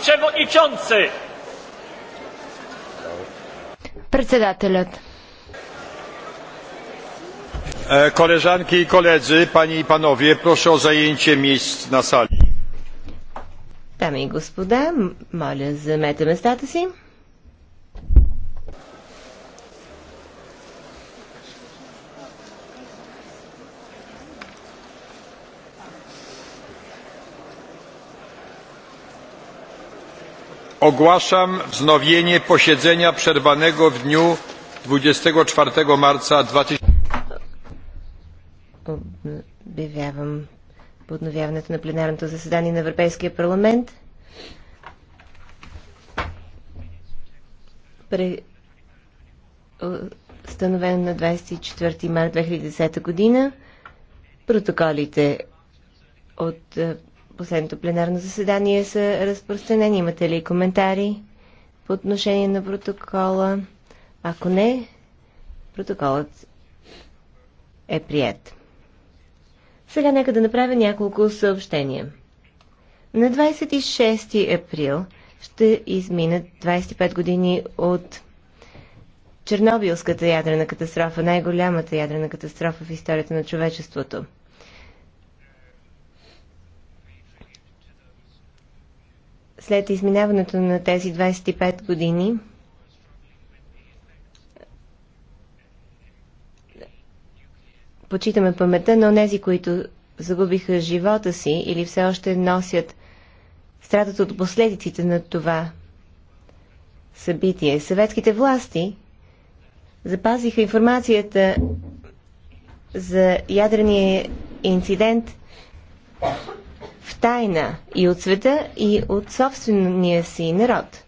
przewodniczący! Председателят. Koleżanki i koledzy, panie i panowie, proszę o zajęcie miejsc na sali. Damy i господа, моля, заемете местата си. Ogłaszam wznowienie posiedzenia przerwanego w dniu 24 marca 2000. Обявявам подновяването на пленарното заседание на Европейския парламент. При... Становено на 24 марта 2010 година. Протоколите от е, последното пленарно заседание са разпространени. Имате ли коментари по отношение на протокола? Ако не, протоколът е прият. Сега нека да направя няколко съобщения. На 26 април ще изминат 25 години от Чернобилската ядрена катастрофа, най-голямата ядрена катастрофа в историята на човечеството. след изминаването на тези 25 години, почитаме паметта на тези, които загубиха живота си или все още носят страдат от последиците на това събитие. Съветските власти запазиха информацията за ядрения инцидент тайна и от света, и от собствения си народ.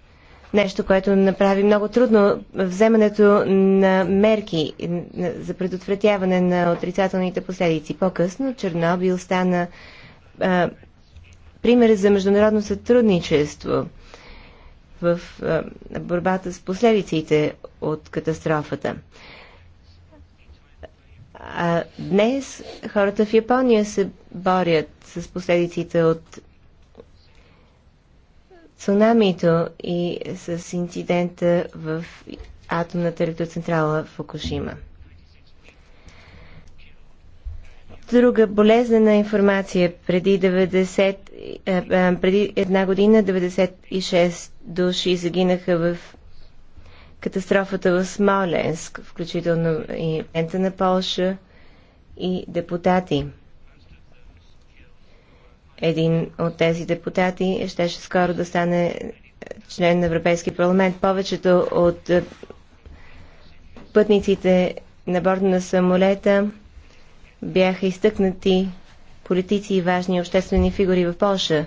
Нещо, което направи много трудно вземането на мерки за предотвратяване на отрицателните последици. По-късно Чернобил стана а, пример за международно сътрудничество в а, борбата с последиците от катастрофата. А днес хората в Япония се борят с последиците от цунамито и с инцидента в атомната електроцентрала в Фукушима. Друга болезнена информация. Преди, 90, преди една година 96 души загинаха в катастрофата в Смоленск, включително и ента на Полша и депутати. Един от тези депутати щеше скоро да стане член на Европейския парламент. Повечето от е, пътниците на борда на самолета бяха изтъкнати политици и важни обществени фигури в Польша.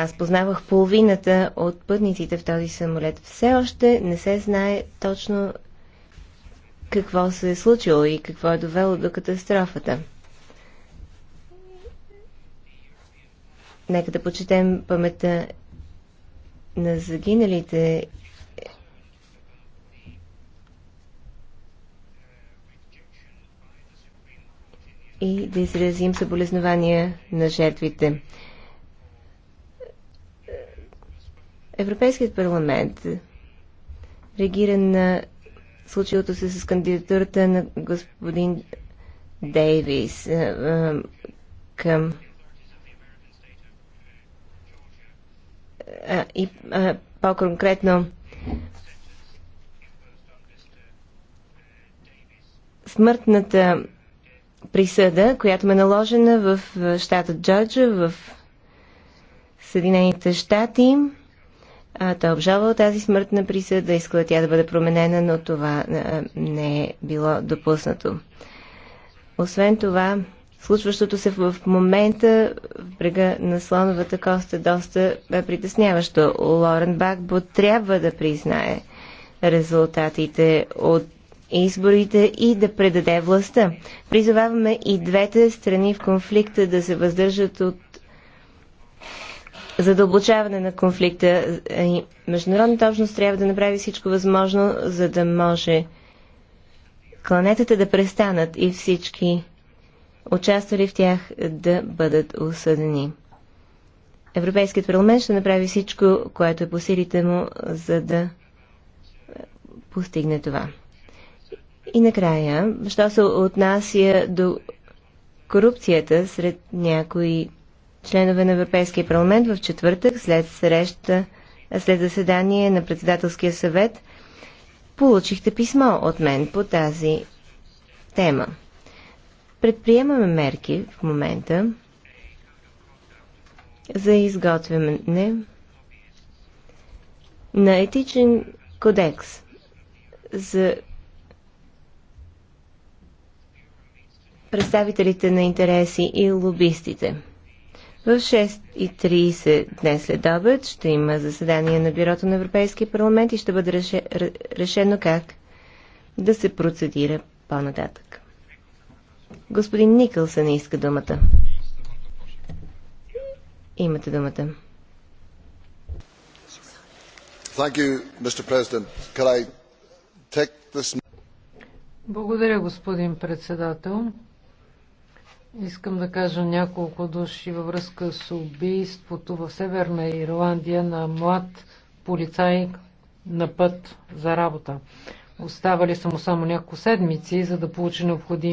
Аз познавах половината от пътниците в този самолет. Все още не се знае точно какво се е случило и какво е довело до катастрофата. Нека да почетем паметта на загиналите и да изразим съболезнования на жертвите. Европейският парламент реагира на случилото се с кандидатурата на господин Дейвис е, е, към е, и по-конкретно смъртната присъда, която ме е наложена в щата Джорджа, в Съединените щати. А, той обжалвал тази смъртна присъда, искала тя да бъде променена, но това а, не е било допуснато. Освен това, случващото се в момента в брега на Слоновата кост е доста притесняващо. Лорен Бакбо трябва да признае резултатите от изборите и да предаде властта. Призоваваме и двете страни в конфликта да се въздържат от задълбочаване на конфликта. Е, и международната общност трябва да направи всичко възможно, за да може кланетата да престанат и всички участвали в тях да бъдат осъдени. Европейският парламент ще направи всичко, което е по силите му, за да постигне това. И накрая, що се отнася до корупцията сред някои членове на Европейския парламент в четвъртък след среща, след заседание на председателския съвет, получихте писмо от мен по тази тема. Предприемаме мерки в момента за изготвяне на етичен кодекс за представителите на интереси и лобистите. В 6.30 днес след обед ще има заседание на Бюрото на Европейския парламент и ще бъде решено как да се процедира по-нататък. Господин Никълсън иска думата. Имате думата. Благодаря, господин председател. Искам да кажа няколко души във връзка с убийството в Северна Ирландия на млад полицай на път за работа. Оставали са му само няколко седмици, за да получи необходим